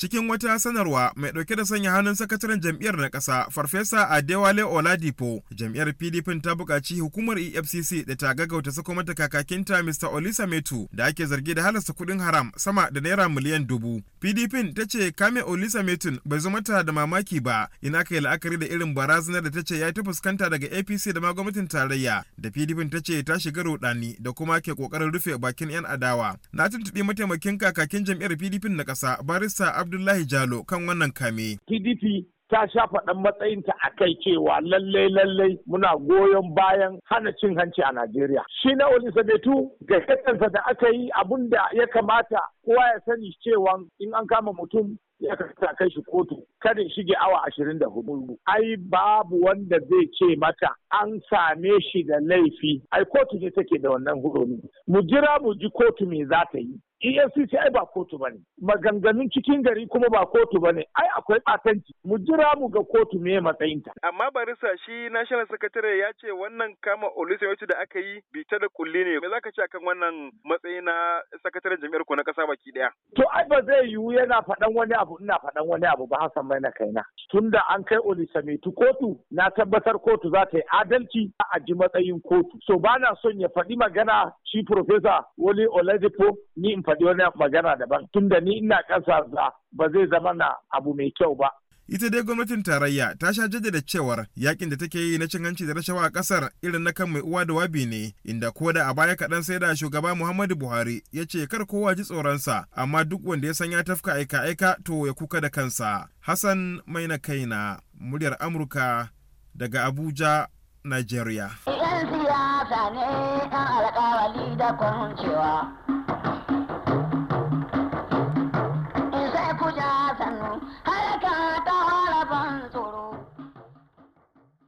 cikin wata sanarwa mai dauke da sanya hannun sakataren jam'iyyar na ƙasa farfesa adewale oladipo jam'iyyar pdp ta buƙaci hukumar efcc da ta gaggauta sako mata kakakinta mr olisa metu da ake zargi da halasta kuɗin haram sama da naira miliyan dubu pdp ta ce kame olisa metun bai zama ta da mamaki ba ina kai la'akari da irin barazanar da ta ce ya ta fuskanta daga apc da ma tarayya da pdp ta ce ta shiga rudani da kuma ke kokarin rufe bakin yan adawa na tuntuɓi mataimakin kakakin jam'iyyar pdp na ƙasa barista Abdullahi Jalo kan wannan kame. PDP ta sha faɗin matsayinta a kai cewa lallai lallai muna goyon bayan hana cin hanci a Najeriya. Shi na wani sabetu ga kansa da aka yi abun da ya kamata kowa ya sani cewa in an kama mutum ya kai shi kotu kada shige awa ashirin da hudu. Ai babu wanda zai ce mata an same shi da laifi ai kotu ne take da wannan hurumi mu jira mu ji kotu me za ta yi EFCC ai ba kotu ba ne, maganganun cikin gari kuma ba kotu ba ne, ai akwai ɓatanci, mu jira mu ga kotu me matsayinta. Amma barisa shi National Secretary ya ce wannan kama Oluseyoci da aka yi bita da kulli ne, me za ka ce akan wannan matsayi na sakataren jami'ar ku na ƙasa baki ɗaya? To ai ba zai yiwu yana faɗan wani abu ina faɗan wani abu ba Hassan mai na kaina. tunda an kai Oluseyoci kotu, na tabbatar kotu za ta yi adalci a ji matsayin kotu. So ba na son ya faɗi magana shi Profesa Wole Oladipo ni in faɗi wani magana daban tunda ni ina ƙasa ba zai zama na abu mai kyau ba. ita dai gwamnatin tarayya ta sha jaddada cewar yakin da take yi na cin hanci da rashawa a kasar irin na kan mai uwa da wabi ne inda ko da a baya kaɗan sai da shugaba muhammadu buhari ya ce kar kowa ji tsoronsa amma duk wanda ya san ya tafka aika aika to ya kuka da kansa hassan maina kaina muryar amurka daga abuja Nigeria. Yan siyasa ne yan alkawali da kwancewa.